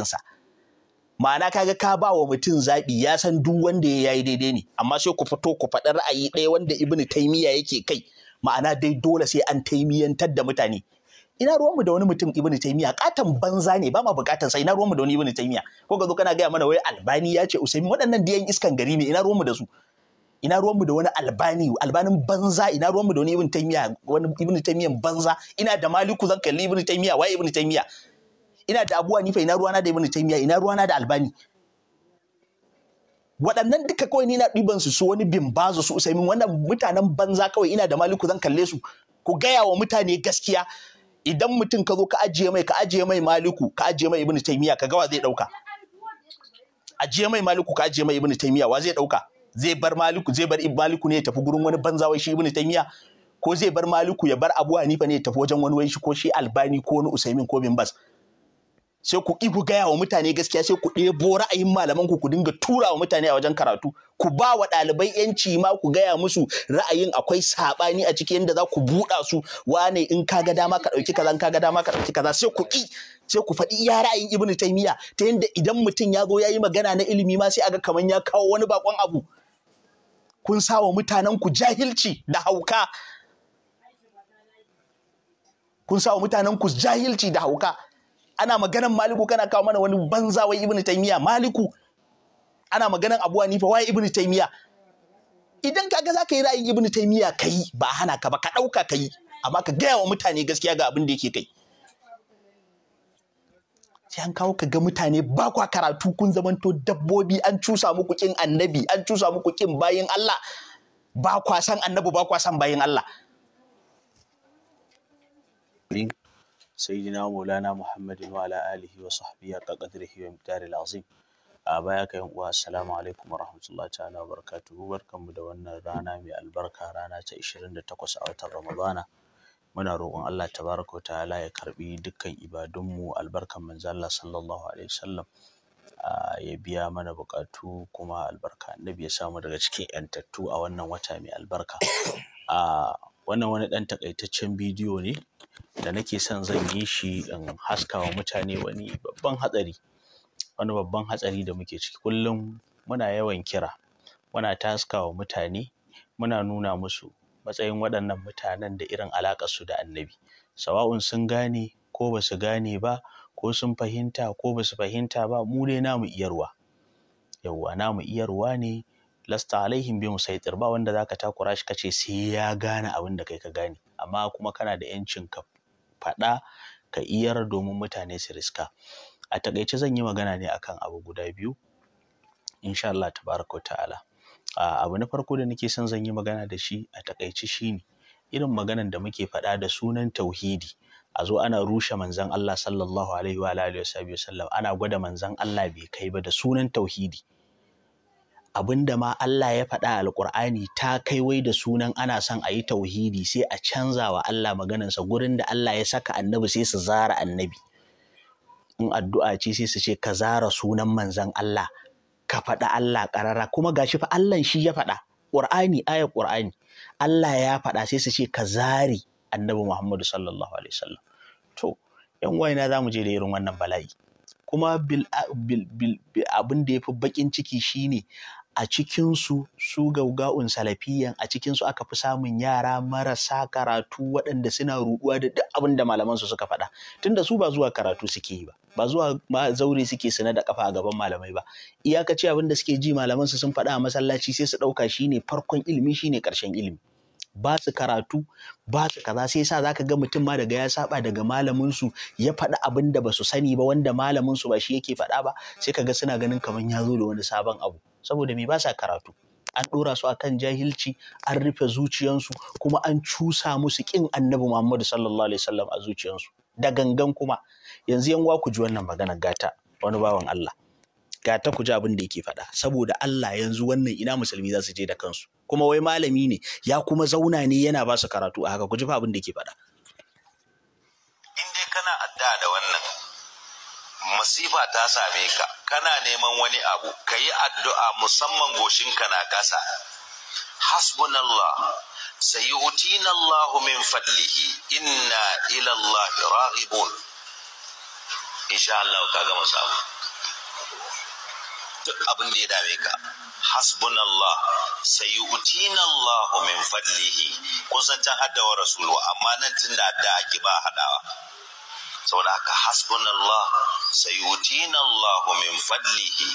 zaɓinsa ma'ana kaga ka ba wa mutum zaɓi ya san duk wanda ya yi daidai ne amma sai ku fito ku faɗi ra'ayi ɗaya wanda ibnu taimiya yake kai ma'ana dai dole sai an taimiyantar da mutane ina ruwanmu da wani mutum ibnu taimiya katon banza ne ba ma bukatar sa ina ruwanmu da wani ibnu taimiya ko ka zo kana gaya mana wai albani ya ce usaimi waɗannan diyan iskan gari ne ina ruwanmu da su ina ruwanmu da wani albani albanin banza ina ruwanmu da wani ibnu taimiya wani ibnu taimiyan banza ina da maliku zan kalli ibnu taimiya wai ibnu taimiya ina da abuwa nifa ina ruwana da ibn taymiya ina ruwana da albani waɗannan duka kawai ni na ɗiban su su wani bimbazo su usaimin wannan mutanen banza kawai ina da maliku zan kalle su ku gaya wa mutane gaskiya idan mutum ka zo ka ajiye mai ka ajiye mai maliku ka ajiye mai ibn taymiya ka wa zai ɗauka ajiye mai maliku ka ajiye mai ibn taymiya wa zai ɗauka zai bar maliku zai bar maliku ne ya tafi gurin wani banza wai shi ibn taymiya ko zai bar maliku ya bar abu nifa ne ya tafi wajen wani wai shi ko shi albani ko wani usaimin ko bin bas sai ku ku gaya wa mutane gaskiya sai ku ɗebo ra'ayin malaman ku ku dinga tura wa mutane a wajen karatu ku ba wa ɗalibai yanci ma ku gaya musu ra'ayin akwai saɓani a ciki yadda za ku buɗa su wane in ka ga dama ka ɗauki kaza in ka ga dama ka ɗauki kaza sai ku ƙi sai ku faɗi iya ra'ayin ibnu taimiya ta yadda idan mutum ya zo ya yi magana na ilimi ma sai aga kamar ya kawo wani bakon abu kun sa wa mutanen ku jahilci da hauka kun sa wa mutanen ku jahilci da hauka ana maganan maliku kana kawo mana wani banza wai ibnu taymiya maliku ana maganan abu hanifa wai ibnu taymiya idan kaga zaka yi ra'ayin ibnu taymiya kai ba hana ka ba ka dauka kai amma ka gaya wa mutane gaskiya ga abin da yake kai sai an kawo ka ga mutane ba kwa karatu kun zamanto dabbobi an cusa muku kin annabi an cusa muku kin bayin Allah ba kwa san annabi ba kwa san bayin Allah sayyidina maulana muhammadin wa ala alihi wa sahbihi haqqa qadrihi wa azim a baya ka yi uwa assalamu alaikum wa rahmatullahi ta'ala wa barakatuhu barkanmu da wannan rana mai albarka rana ta 28 a watan ramadana muna roƙon Allah tabaraka wa ta'ala ya karɓi dukkan ibadunmu albarkan manzo Allah sallallahu alaihi wasallam ya biya mana buƙatu kuma albarka annabi ya samu daga cikin yantattu a wannan wata mai albarka a wannan wani ɗan taƙaitaccen bidiyo ne da nake son zan yi shi in haska wa mutane wani babban hatsari wani babban hatsari da muke ciki kullum muna yawan kira muna taska wa mutane muna nuna musu matsayin waɗannan mutanen da irin alaƙarsu da annabi sawa'un sun gane ko ba su gane ba ko sun fahimta ko ba su fahimta ba mu dai namu iyarwa yauwa namu iyarwa ne lasta alaihim bi musaitir ba wanda zaka takura shi kace sai ya gane abin da kai ka gane amma kuma kana da yancin ka faɗa ka iyar domin mutane su riska a takaice zan yi magana ne akan abu guda biyu insha Allah tabaraka ta'ala abu na farko da nake son zan yi magana da shi a takaice shine irin maganan da muke faɗa da sunan tauhidi a zo ana rushe manzon Allah sallallahu alaihi wa alihi wasallam ana gwada manzon Allah bai kai ba da sunan tauhidi abin da ma Allah ya faɗa alƙur'ani ta kai wai da sunan ana son a yi tauhidi sai a canza wa Allah maganansa gurin da Allah ya saka annabi sai su zara annabi in addu'a ce sai su ce ka zara sunan manzan Allah ka faɗa Allah ƙarara kuma gashi fa Allah shi ya faɗa ƙur'ani aya ƙur'ani Allah ya faɗa sai su ce ka zari annabi Muhammadu sallallahu alaihi wasallam to yan wayna za mu je da irin wannan bala'i kuma abin da ya fi baƙin ciki shine a cikinsu su gauga'un salafiyan a cikinsu aka fi samun yara marasa karatu waɗanda suna ruɗuwa da duk abin da malamansu suka faɗa tunda su ba zuwa karatu suke yi ba ba zuwa ma zaure suke sana da kafa a gaban malamai ba iyakaci abin da suke ji malamansu sun faɗa a masallaci sai su ɗauka shine farkon ilimi shine ƙarshen ilimi ba su karatu ba su kaza sai sa zaka ga mutum ma daga ya saba daga malamin su ya faɗi abin da ba su sani ba wanda malamin su ba shi yake faɗa ba sai kaga suna ganin kamar ya zo da wani sabon abu saboda me ba sa karatu an ɗora su akan jahilci an rufe zuciyansu kuma an cusa musu ƙin annabi Muhammadu sallallahu alaihi wasallam a zuciyansu da gangan kuma yanzu yan ku ji wannan magana gata wani bawan Allah gata ku ji abin da yake faɗa saboda Allah yanzu wannan ina musulmi za su je da kansu kuma wai malami ne ya kuma zauna ne yana ba su karatu a haka ku ji fa abin da ke faɗa in dai kana adda da wannan masifa ta same ka kana neman wani abu ka yi addu'a musamman goshinka na kasa hasbunallah sayu'tina utinallahu min fadlihi inna ila Allah raghibun ka gama samu abin da ya dame ka hasbunallah sayu'tina Allahu min fadlihi kun san can hadda wa rasulu amma nan tun da da ake ba hadawa saboda haka hasbunallah sayu'tina Allahu min fadlihi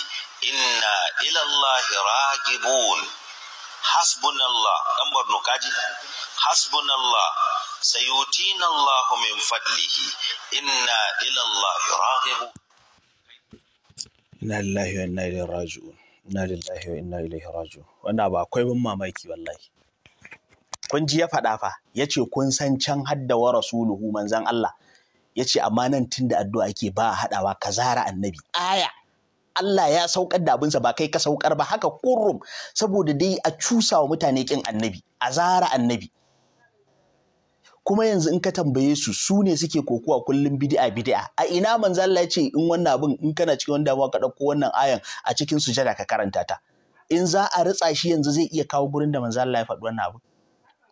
inna ila Allah ragibun hasbunallah dan barno kaji hasbunallah sayu'tina Allahu min fadlihi inna ila Allah ragibun Inna lillahi wa inna ilaihi raji'un. Wannan ba akwai ban mamaki wallahi. Kun ji ya faɗa fa, ya ce kun san can hadda wa rasuluhu manzan Allah. Ya ce amma nan tun da addu'a ake ba haɗawa ka zara annabi. Aya. Allah ya saukar da abinsa ba kai ka saukar ba haka kurrum saboda dai a cusa wa mutane ƙin annabi, a zara annabi. kuma yanzu in ka tambaye su su ne suke kokuwa kullum bid'a bid'a a ina manzo Allah ya ce in wannan abin in kana cikin wanda damuwa ka dauko wannan ayan a cikin sujada ka karanta ta in za a ritsa shi yanzu zai iya kawo gurin da manzo Allah ya faɗi wannan abin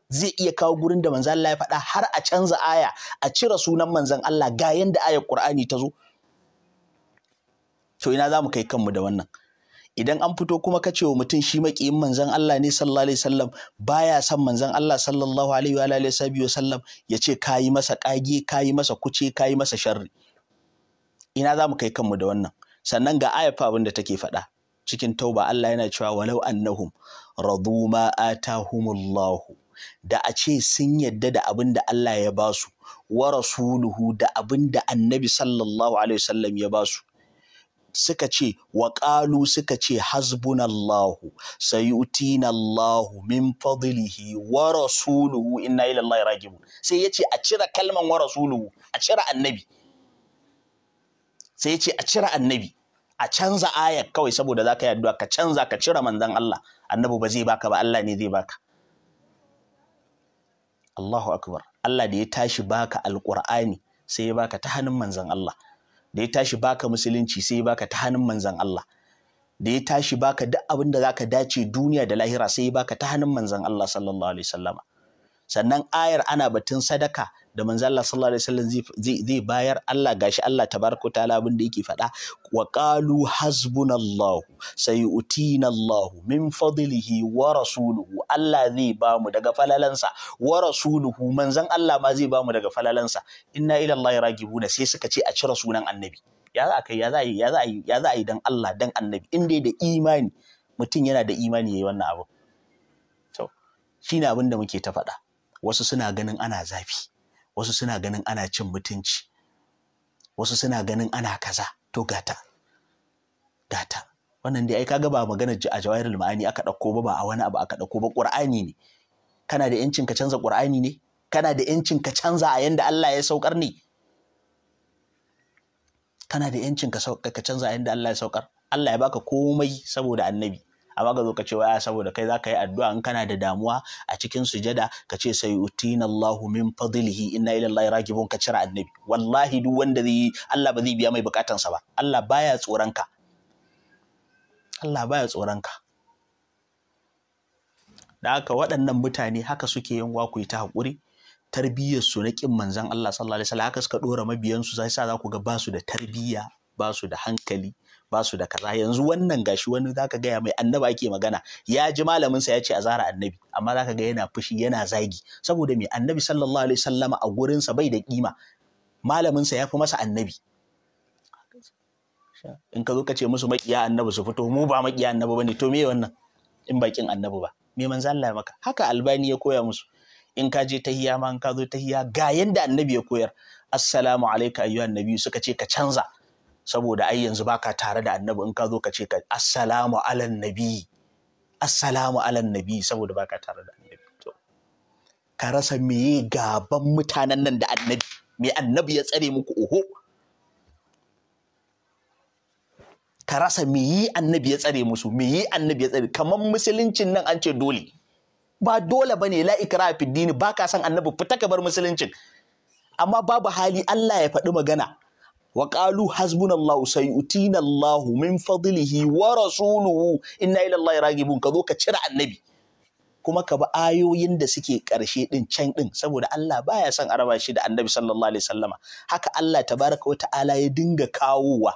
zai iya kawo gurin da manzo Allah ya faɗa har a canza aya a cire sunan manzon Allah ga yanda ayar Qur'ani ta zo to ina za mu kai kanmu da wannan idan an fito kuma ka ce wa mutum shi maƙiyin manzan Allah ne sallallahu alaihi wasallam baya son manzan Allah sallallahu alaihi wa alihi wasallam ya ce kayi masa kage kayi masa kuce kayi masa sharri ina za mu kai kanmu da wannan sannan ga ayat abin da take faɗa cikin tauba Allah yana cewa walau annahum radu ma atahumullahu da a ce sun yadda da abin da Allah ya basu wa rasuluhu da abin da annabi sallallahu alaihi wasallam ya basu suka ce wa ƙalu suka ce hasbunallahu sayutinallahu min fadlihi wa rasuluhu inna ila Allah rajibu sai ya ce a cire kalman wa rasuluhu a cire annabi sai ya ce a cire annabi a canza aya kawai saboda zaka yaddu a ka canza ka cire manzan Allah annabi ba zai baka ba Allah ne zai baka Allahu akbar Allah da ya tashi baka alqur'ani sai ya baka ta hannun manzan Allah da ya tashi baka musulunci sai ya baka ta hannun manzan Allah da ya tashi baka duk abin da zaka dace duniya da lahira sai ya baka ta hannun manzan Allah sallallahu alaihi wasallama sannan ayar ana batun sadaka da manzo Allah sallallahu alaihi wasallam zai bayar Allah gashi Allah tabaraka taala abin da yake faɗa wa qalu hasbunallahu sayu'tina min fadlihi wa rasuluhu Allah zai bamu daga falalansa wa rasuluhu manzon Allah ma zai ba mu daga falalansa inna ila Allah ragibuna sai suka ce a cire sunan annabi ya za kai ya za yi ya za yi ya za yi dan Allah dan annabi in da imani mutum yana da imani yayi wannan abu to shine abin da muke ta faɗa wasu suna ganin ana zafi wasu suna ganin ana cin mutunci wasu suna ganin ana kaza to gata gata wannan dai ai kaga ba magana a jawairul ma'ani aka ɗauko ba ba a wani abu aka ɗauko ba qur'ani ne kana da yancin ka canza qur'ani ne kana da yancin ka canza a yanda Allah ya saukar ne kana da yancin ka canza a yanda Allah ya saukar Allah ya baka komai saboda annabi amma ka zo ka ce waya saboda kai za ka yi addu'a in kana da damuwa a cikin sujada ka ce sai utina Allahu min fadlihi inna ila Allahi ragibun ka cira annabi wallahi duk wanda zai Allah ba zai biya mai bukatansa ba Allah baya tsoron ka Allah baya tsoron ka da haka waɗannan mutane haka suke yin wakuyi ta haƙuri tarbiyyarsu na ƙin manzon Allah sallallahu alaihi wasallam haka suka ɗora mabiyansu sai sa za ku ga ba su da tarbiyya ba su da hankali ba su da kaza yanzu wannan gashi wani zaka gaya mai annabi ake magana ya ji malamin sa ya ce azara annabi amma zaka ga yana fushi yana zagi saboda me annabi sallallahu alaihi wasallama a gurin sa bai da kima malamin sa yafi masa annabi in ka zo ka ce musu makiya annabi su fito mu ba makiya annabi bane to me wannan in bakin annabi ba me manzo Allah ya maka haka albani ya koya musu in ka je tahiya ma in ka zo tahiya ga yanda annabi ya koyar assalamu alayka ayyuhan nabiyyu suka ce ka canza saboda ai yanzu baka tare da annabi in ka zo ka ce ka assalamu alan nabi assalamu alan nabi saboda baka tare da annabi to ka rasa yi gaban mutanen nan da annabi me annabi ya tsare muku oho ka rasa me yi annabi ya tsare musu me yi annabi ya tsare kamar musuluncin nan an ce dole ba dole bane la ikra fi dini baka san annabi fita ka bar musuluncin amma babu hali Allah ya faɗi magana wa qalu hasbunallahu sayutina Allahu min fadlihi wa rasuluhu inna ila Allahi ragibun ka ka cire annabi kuma ka bi ayoyin da suke ƙarshe ɗin can ɗin saboda Allah baya son a shi da annabi sallallahu alaihi sallama haka Allah baraka wa ta'ala ya dinga kawowa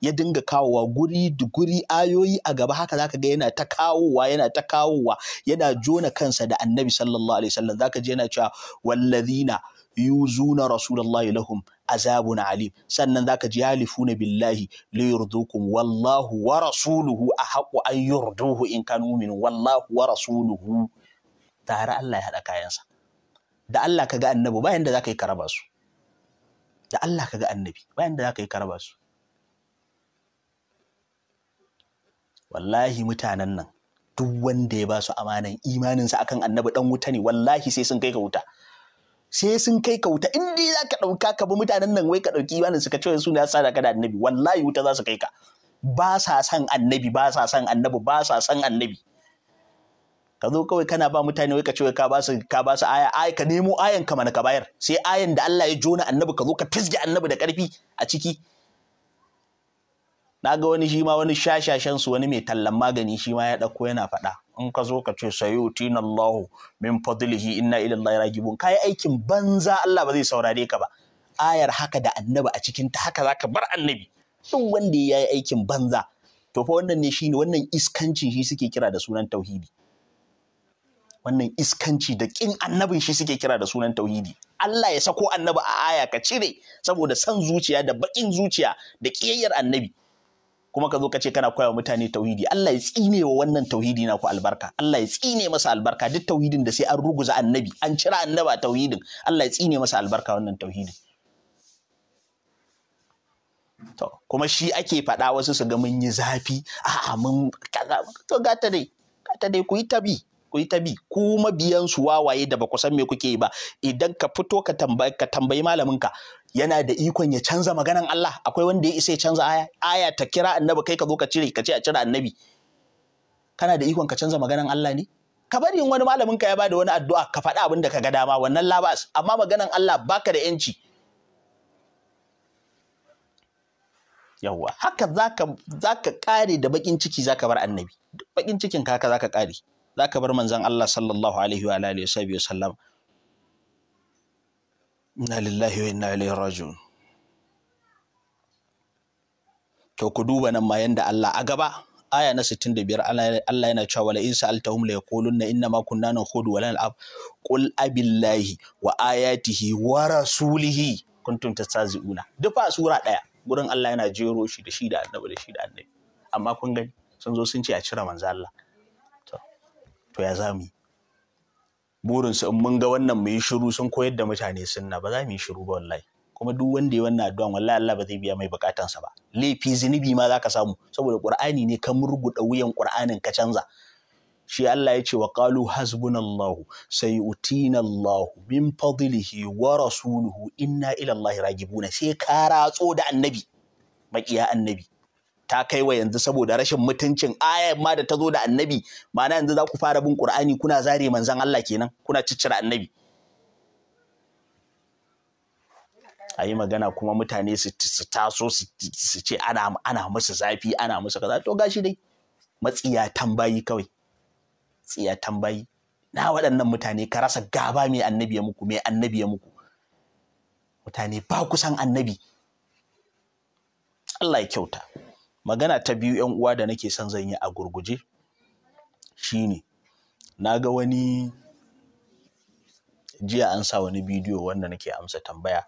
ya dinga kawowa guri da guri ayoyi a gaba haka zaka ga yana ta kawowa yana ta kawowa yana jona kansa da annabi sallallahu alaihi sallam zaka ji yana cewa wallazina yuzuna rasulullahi lahum azabun alim sannan zaka ji yalifuna billahi li yurdukum wallahu wa rasuluhu ahaqqu an yurduhu in kanu min wallahu wa rasuluhu tare Allah ya hada kayansa da Allah kaga annabi bayan da zaka yi karaba su da Allah kaga annabi bayan da zaka yi karaba su wallahi mutanen nan duk wanda ya ba su amanan imaninsa akan annabi dan wuta ne wallahi sai sun kai ka wuta sai sun kai ka wuta in dai za ka ɗauka ka bi mutanen nan wai ka ɗauki imanin suka su ne sa da kada annabi wallahi wuta za su kai ka ba sa san annabi ba sa san annabi ba sa san annabi ka zo kawai kana ba mutane wai ka cewa ka ba su ka ba su aya ai ka nemo ayan ka mana ka bayar sai ayan da Allah ya jona annabi ka zo ka fisge annabi da karfi a ciki na ga wani shi wani shashashen su wani mai tallan magani shima ya ɗauko yana faɗa in ka zo ka ce Sayo tinallahu min fadlihi inna ilallahi rajibun kai aikin banza Allah ba zai saurare ka ba ayar haka da annabi a cikin ta haka zaka bar annabi duk wanda ya yi aikin banza to fa wannan ne shine wannan iskanci shi suke kira da sunan tauhidi wannan iskanci da kin annabin shi suke kira da sunan tauhidi Allah ya sako annabi a aya ka cire saboda san zuciya da bakin zuciya da kiyayyar annabi kuma ka zo ka ce kana koya mutane tauhidi Allah ya tsine wa wannan tauhidi na ku albarka Allah ya tsine masa albarka duk tauhidin da sai an ruguza annabi an cira annaba tauhidin Allah ya tsine masa albarka wannan tauhidin to kuma shi ake faɗa wasu su ga mun yi zafi a'a mun kaza to gata dai gata dai ku yi tabi ku yi ta bi ku mabiyansu wawaye da ba ku san me kuke yi ba idan ka fito ka tambayi ka tambayi malaminka yana da ikon ya canza maganan Allah akwai wanda ya isa ya canza aya aya ta kira annabi kai ka zo ka cire ka ce a cire annabi kana da ikon ka canza maganan Allah ne ka bari wani malamin ka ya bada wani addu'a ka faɗi abin da ka ga dama wannan labas amma maganan Allah baka da yanci yawwa haka zaka zaka kare da bakin ciki zaka bar annabi bakin cikin ka haka zaka kare za ka bar manzan Allah sallallahu alaihi wa alihi wa sallam inna lillahi wa inna ilaihi raji'un to ku duba nan ma yanda Allah a gaba aya na 65 Allah yana cewa wala in sa'altahum la yaquluna inna ma kunna nakhudu wa nal'ab qul abillahi wa ayatihi wa rasulihi kuntum tastazi'una duk a sura daya gurin Allah yana jero shi da shi da annabi da shi da annabi amma kun gani sun zo sun ce a cire manzo Allah to ya za mu yi burinsu in mun ga wannan mu yi shiru sun koyar da mutane sunna ba za mu yi shiru ba wallahi kuma duk wanda ya wannan addu'an wallahi Allah ba zai biya mai bukatansa ba laifi zunubi ma zaka samu saboda qur'ani ne ka murguda wuyan qur'anin ka canza shi Allah ya ce wa qalu hasbunallahu sayu'tina min fadlihi wa rasuluhu inna ila Allahi ragibuna sai ka ratso da annabi maƙiya annabi ta kai wa yanzu saboda rashin mutuncin ayar ma da ta zo da annabi mana yanzu za ku fara bin qur'ani kuna zare manzon Allah kenan kuna ciccira annabi a yi magana kuma mutane su taso su ce ana musu zafi ana musu kaza to gashi dai matsiya tambayi kawai tsiya tambayi na waɗannan mutane ka rasa gaba mai annabi ya muku mai annabi ya muku mutane ba kusan annabi Allah ya kyauta magana ta biyu yan uwa da nake son zan yi a gurguje shine na ga wani jiya an sa wani bidiyo wanda nake amsa tambaya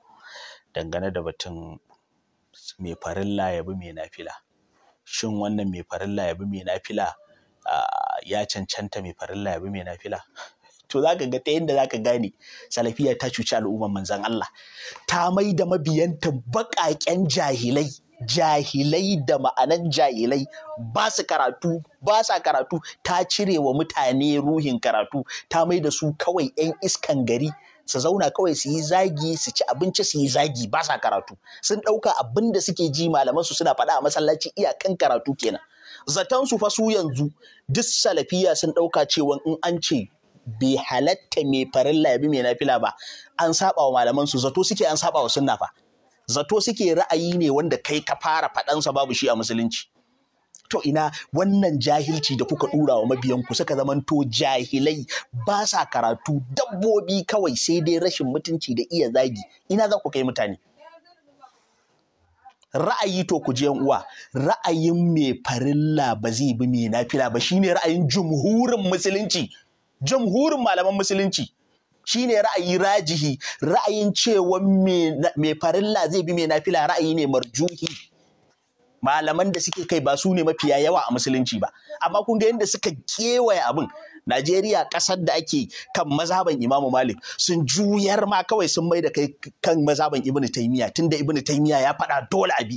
dangane da batun mai farilla ya bi mai nafila shin wannan mai farilla ya bi mai nafila ya cancanta mai farilla ya bi mai nafila to za ka ga ta yadda za ka gane salafiya ta cuci al'ummar manzan Allah ta mai da mabiyanta baƙaƙen jahilai jahilai da ma'anan jahilai ba su karatu ba sa karatu ta cire wa mutane ruhin karatu ta mai da su kawai 'yan iskan gari su zauna kawai su yi zagi su ci abinci su yi zagi ba sa karatu sun ɗauka abin da suke ji malaman su suna faɗa a masallaci iyakan karatu kenan zaton su fa su yanzu duk salafiya sun ɗauka cewa in an ce bai halatta mai farin labi mai nafila ba an saba wa malaman su zato suke an saba wa sunna fa zato suke ra'ayi ne wanda kai ka fara faɗansa babu shi a musulunci to ina wannan jahilci da kuka ɗura wa mabiyanku suka zamanto jahilai ba sa karatu dabbobi kawai sai dai rashin mutunci da iya zagi ina za ku kai mutane ra'ayi to ku je uwa ra'ayin mai farilla ba zai bi mai nafila ba shine ra'ayin jumhurin musulunci jumhurin malaman musulunci Shi ne ra'ayi rajihi ra'ayin cewa mai farilla zai bi mai nafila ra'ayi ne marjuhi malaman da suke kai ba su ne mafiya yawa a musulunci ba amma kun ga yadda suka kewaye abin Najeriya ƙasar da ake kan mazhaban Imamu Malik sun juyar ma kawai sun mai da kai kan mazhaban Ibn Taymiyyah tunda Ibn Taymiyyah ya faɗa dole a bi.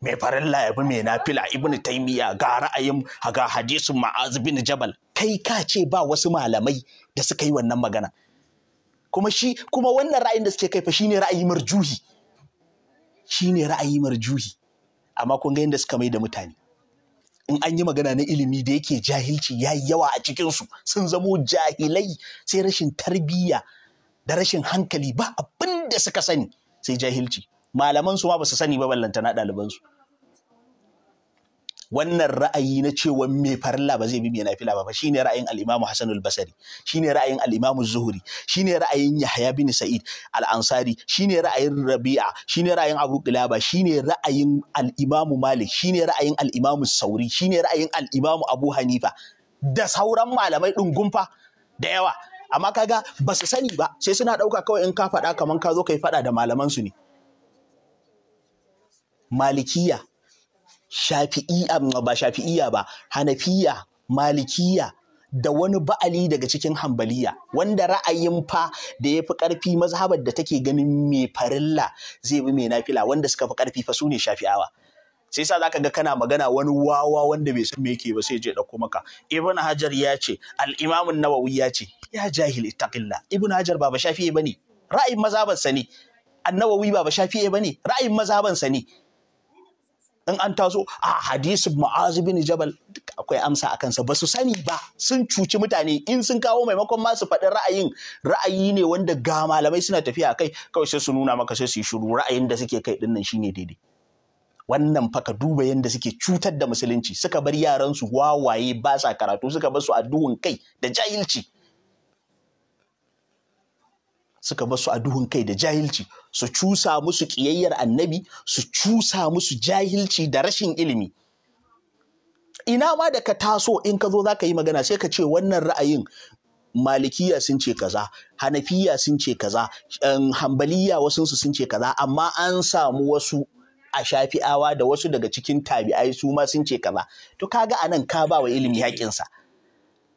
mai farin ya mai nafila Ibn Taimiyya, ga ra'ayin ga hadisun ma'az bin jabal kai ka ce ba wasu malamai da suka yi wannan magana kuma shi kuma wannan ra'ayin da suke kai fa shine ra'ayi marjuhi shine ra'ayi marjuhi amma kun ga yadda suka mai da mutane in an yi magana na ilimi da yake jahilci ya yi yawa a cikinsu sun zamo jahilai sai rashin tarbiyya da rashin hankali ba abinda suka sani sai jahilci malaman su ma ba su sani ba ballanta na ɗaliban su wannan ra'ayi na cewa mai farilla ba zai bi mai nafila ba shine ra'ayin al-Imam Hasan al-Basri shine ra'ayin al-Imam Zuhri shine ra'ayin Yahya bin Sa'id al-Ansari shine ra'ayin Rabi'a shine ra'ayin Abu Qilaba shine ra'ayin al-Imam Malik shine ra'ayin al-Imam Sauri shine ra'ayin al-Imam Abu Hanifa da sauran malamai din gumfa da yawa amma kaga ba su sani ba sai suna dauka kawai in ka faɗa kaman ka zo kai faɗa da malaman su ne malikiya shafi'iya mm, ba shafi'iya ba hanafiya malikiya da wani ba'ali daga cikin hambaliya wanda ra'ayin fa da ya fi ƙarfi mazhabar da take ganin mai farilla zai bi mai nafila wanda suka fi ƙarfi fa su ne shafi'awa sai sa zaka ga kana magana wani wawa wanda bai san me yake ba sai je dauko maka ibn hajar ya ce al imam nawawi ya ce ya jahil ittaqilla ibn hajar baba ba shafi'i bane ra'ayin mazhaban sa ne annawawi ba ba shafi'i bane ra'ayin mazhabansa ne in an taso a hadisin ma'azu bin jabal akwai amsa a kansa ba su sani ba sun cuci mutane in sun kawo maimakon masu faɗin faɗi ra'ayin ra'ayi ne wanda ga malamai suna tafiya a kai kawai sai su nuna maka sai su yi shiru ra'ayin da suke kai dinnan shine daidai wannan faka duba yadda suke cutar da musulunci suka bar yaransu wawaye ba sa karatu suka bar su a kai da jahilci suka basu a duhun kai da jahilci su cusa musu ƙiyayyar annabi su cusa musu jahilci da rashin ilimi ina ma da ka taso in ka zo za ka yi magana sai ka ce wannan ra'ayin malikiya sun ce kaza hanafiya sun ce kaza hambaliya wasunsu sun ce kaza amma an samu wasu a shafi'awa da wasu daga cikin tabi'ai su ma sun ce kaza to kaga anan ka ba wa ilimi haƙinsa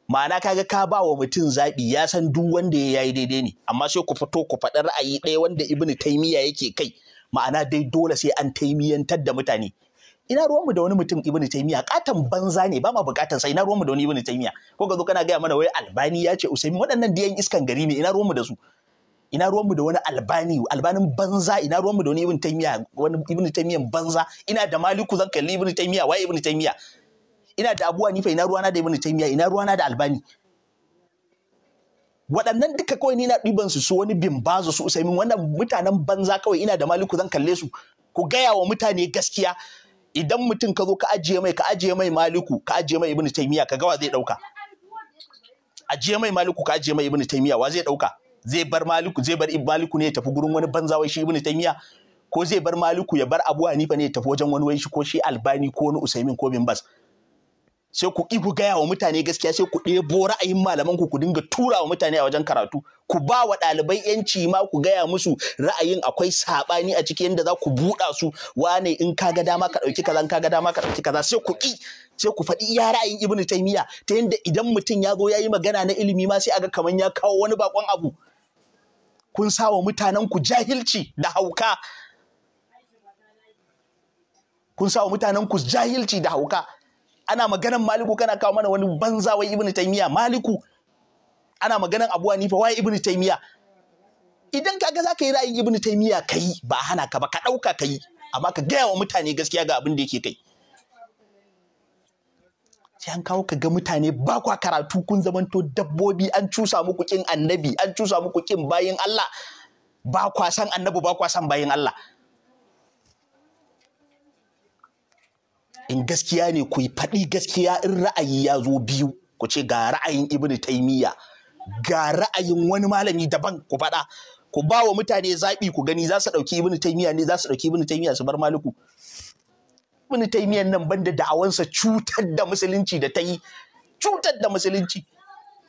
ma'ana kaga ka ba wa mutum zaɓi ya san duk wanda ya yi daidai ne amma sai ku fito ku faɗi ra'ayi ɗaya wanda ibn taimiya yake kai ma'ana dai dole sai an taimiyantar da mutane ina ruwanmu da wani mutum ibn taimiya. katan banza ne ba ma bukatan sai ina ruwanmu da wani ibn taimiya. ko ka zo kana gaya mana wai albani ya ce usaimi waɗannan diyan iskan gari ne ina ruwanmu da su ina ruwanmu da wani albani albanin banza ina ruwanmu da wani ibn taymiya wani ibn taymiyan banza ina da maliku zan kalli ibn taimiya. wai ibn taimiya. ina da abuwa nifa ina ruwana da ibn taymiya ina ruwana da albani waɗannan duka kawai ni na ɗiban su su wani bimbazo su min wannan mutanen banza kawai ina da maliku zan kalle su ku gaya wa mutane gaskiya idan mutum ka zo ka ajiye mai ka ajiye mai maliku ka ajiye mai ibn taymiya ka ga wa zai dauka ajiye mai maliku ka ajiye mai ibn taymiya wa zai dauka zai bar maliku zai bar ibn maliku ne ya tafi gurin wani banza wai shi ibn taymiya ko zai bar maliku ya bar abu hanifa ne ya tafi wajen wani wai shi ko shi albani ko wani usaimin ko bin bas sai ku ku gaya wa mutane gaskiya sai ku ɗebo ra'ayin malaman ku ku dinga tura wa mutane a wajen karatu ku ba wa ɗalibai yanci ma ku gaya musu ra'ayin akwai saɓani a ciki yadda za ku buɗa su wane in ka ga dama ka ɗauki kaza in ka ga dama ka ɗauki kaza sai ku ƙi sai ku faɗi iya ra'ayin ibn taimiya ta yadda idan mutum ya zo ya yi magana na ilimi ma sai aga kamar ya kawo wani bakon abu kun sa wa mutanen ku jahilci da hauka kun sa wa mutanen ku jahilci da hauka ana maganan maliku kana kawo mana wani banza wai ibnu taymiya maliku ana maganan abu hanifa wai ibnu taymiya idan kaga za ka yi ra'ayin ibnu taymiya kai ba hana ka ba ka ɗauka ka yi amma ka gaya wa mutane gaskiya ga abin da yake kai sai an kawo ka ga mutane ba kwa karatu kun zamanto dabbobi an cusa muku kin annabi an cusa muku kin bayin Allah ba kwa san annabi ba kwa san bayin Allah in gaskiya ne ku yi faɗi gaskiya in ra'ayi ya zo biyu ku ce ga ra'ayin ibnu taimiyya ga ra'ayin wani malami daban ku faɗa ku ba wa mutane zaɓi ku gani za su ɗauki ibnu taimiyya ne za su ɗauki ibnu taimiyya su bar maliku ibnu taimiyyan nan banda da'awansa cutar da musulunci da ta yi cutar da musulunci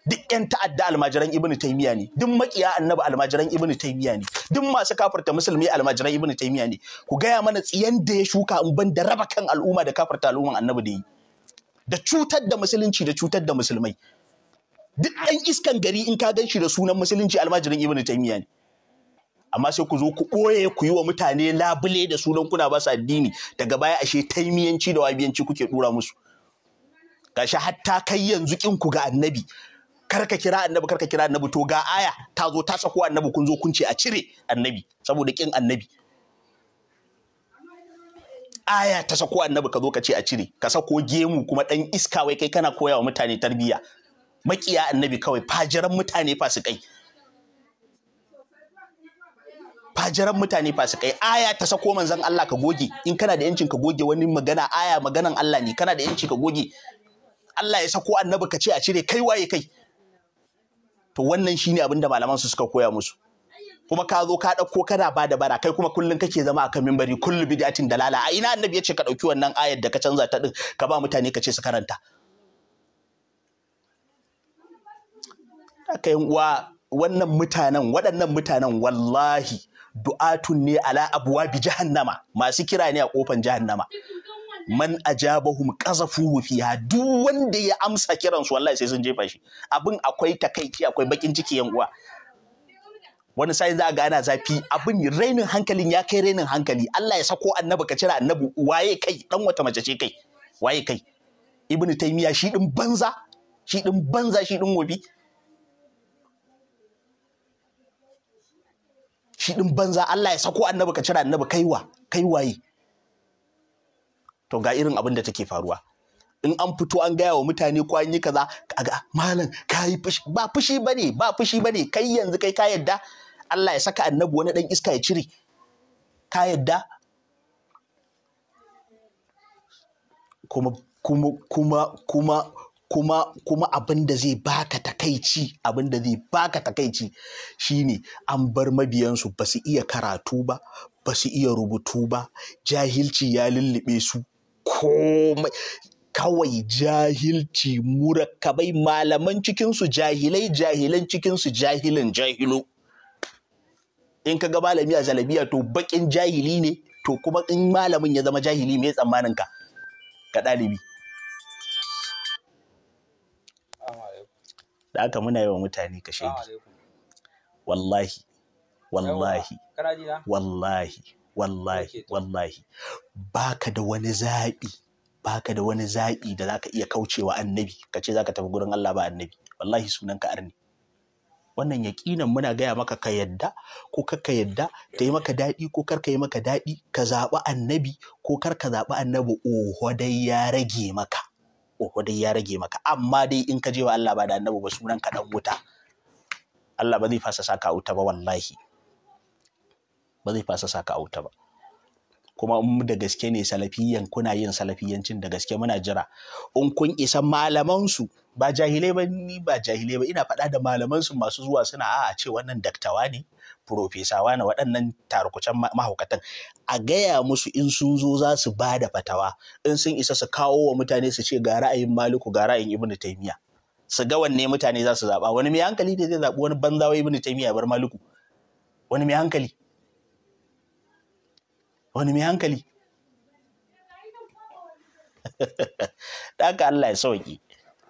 duk yan ta'adda almajiran ibnu taymiya ne duk makiya annabi almajiran ibnu taymiya ne duk masu kafarta musulmi almajiran ibnu taymiya ne ku gaya mana tsiyan da ya shuka in ban da raba kan al'umma da kafarta al'umman annabi da yi da cutar da musulunci da cutar da musulmai duk ɗan iskan gari in ka gan shi da sunan musulunci almajiran ibnu taymiya ne amma sai ku zo ku ɓoye ku yi wa mutane labule da sunan kuna ba su addini daga baya ashe taimiyanci da wabiyanci kuke dura musu gashi hatta kai yanzu kin ku ga annabi karka kira annabi karka kira annabi to ga aya ta zo ta sako annabi kun zo kun ce a cire annabi saboda kin annabi aya ta sako annabi ka zo ka ce a cire ka sako gemu kuma dan iska wai kai kana koyawa mutane tarbiyya makiya annabi kawai fajiran mutane fasikai fajiran mutane fasikai aya ta sako manzon Allah ka goge in kana da yancin ka goge wani magana aya maganan Allah ne kana da yanci ka goge Allah ya sako annabi ka ce a cire kai waye kai to wannan shine abin da malaman su suka koya musu kuma ka zo ka ɗauko kana ba da bara kai kuma kullum kake zama akan mimbari kullu bid'atin dalala a ina annabi ya ce ka ɗauki wannan ayar da ka canza ta din ka ba mutane ka ce su karanta kai uwa wannan mutanen waɗannan mutanen wallahi du'atun ne ala abuwa bi jahannama masu kira ne a kofan jahannama man ajabahum qazafuhu fiha duk wanda ya amsa kiran su wallahi sai sun jefa shi abin akwai takaici akwai bakin ciki yan uwa wani sai za a gana zafi abin rainin hankalin ya kai rainin hankali Allah ya sako annabi ka cire annabi waye kai dan wata mace ce kai waye kai ibnu taymiya shi din banza shi din banza shi din wabi shi din banza Allah ya sako annabi ka cire annabi kaiwa kai waye to ga irin abin da take faruwa in an fito an gaya wa mutane ko an yi kaza ga, malam kai fushi ba fushi bane ba fushi bane kai yanzu kai ka yadda Allah ya saka annabi wani dan iska ya cire ka yadda kuma kuma kuma kuma kuma kuma abin da zai baka takaici abin da zai baka takaici shine an bar su ba su iya karatu ba ba su iya rubutu ba jahilci ya lullube su komai kawai jahilci murakkabai malaman cikinsu jahilai jahilan cikinsu jahilin jahilo. in ka ga malami a zalabiya to bakin jahili ne to kuma in malamin ya zama jahili mai tsammanin ka ka ɗalibi da aka muna yawa mutane ka shaidi wallahi wallahi wallahi wallahi wallahi baka da wani zaɓi baka da wani zaɓi da zaka iya kaucewa annabi ka ce zaka tafi gurin Allah ba annabi wallahi sunan ka arni wannan yaƙinan muna gaya maka ka yadda ko kar ka yadda ta yi maka daɗi ko kar ka yi maka daɗi ka zaɓi annabi ko kar ka zaɓi annabi oho dai ya rage maka oho dai ya rage maka amma dai in ka je wa Allah ba da annabi ba sunan ka dan wuta Allah ba zai fasa saka wuta ba wallahi ba zai fasa saka auta ba kuma in da gaske ne salafiyan kuna yin salafiyancin da gaske muna jira in kun isa malamansu ba jahilai ba ni ba jahilai ba ina faɗa da malamansu masu zuwa suna a ce wannan daktawa ne profesawa na waɗannan tarukucan mahaukatan a gaya musu in sun zo za su ba da fatawa in sun isa su kawo wa mutane su ce ga ra'ayin maliku ga ra'ayin Ibn taymiya su ga wanne mutane za su zaɓa wani mai hankali ne zai zaɓi wani banzawa Ibn taymiya bar maliku wani mai hankali wani mai hankali da aka Allah ya sauki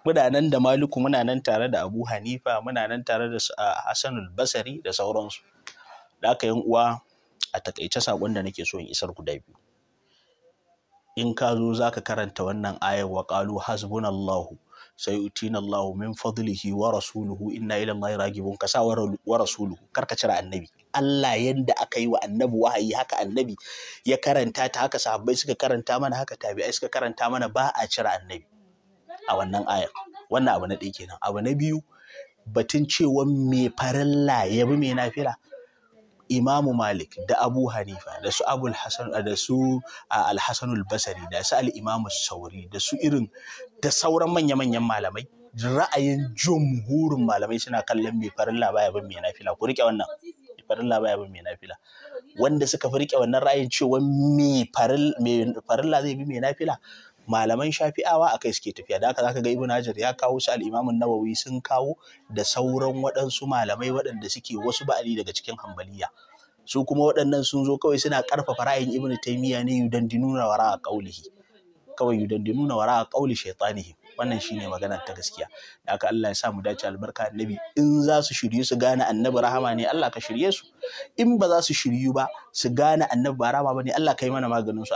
muna nan da Maliku muna nan tare da Abu Hanifa muna nan tare da Hassanul Basari da sauransu da aka yan uwa a takaice sakon da nake so in isar ku biyu in ka zo zaka karanta wannan ayar wa qalu hasbunallahu sai utina Allahu min fadlihi wa rasuluhu inna ila Allahi ragibun ka sa wa rasuluhu kar ka cire annabi Allah yanda aka yi wa annabi wahayi haka annabi ya karanta ta haka sahabbai suka karanta mana haka tabi'ai suka karanta mana ba a cire annabi a wannan ayar wannan abu na ɗaya kenan abu na biyu batun cewa Mai farilla ya bi me nafila Imamu Malik da Abu Hanifa da su Abu Hassan da su Al-Hasan da su Al-Imamu Sauri da su irin da sauran manya-manyan malamai ra'ayin jumhurin malamai suna kallon mai farin labaya ban mai nafila ku rike wannan mai farin labaya ban mai nafila wanda suka fi rike wannan ra'ayin cewa mai farin zai bi mai nafila malaman shafi'awa a kai suke tafiya da haka zaka ga ibn hajar ya kawo su al-imam nawawi sun kawo da sauran waɗansu malamai waɗanda suke wasu ba'ali daga cikin hambaliya su kuma waɗannan sun zo kawai suna ƙarfafa ra'ayin ibn taymiya ne yudandinuna wara a qaulihi kawai yudandinuna wara a qauli shaytanihi wannan shine maganar ta gaskiya da haka Allah ya sa mu dace albarka annabi in za su shirye su gane annabi rahama ne Allah ka shirye su in ba za su shiryu ba su gane annabi ba rahama ne Allah kai mana maganin su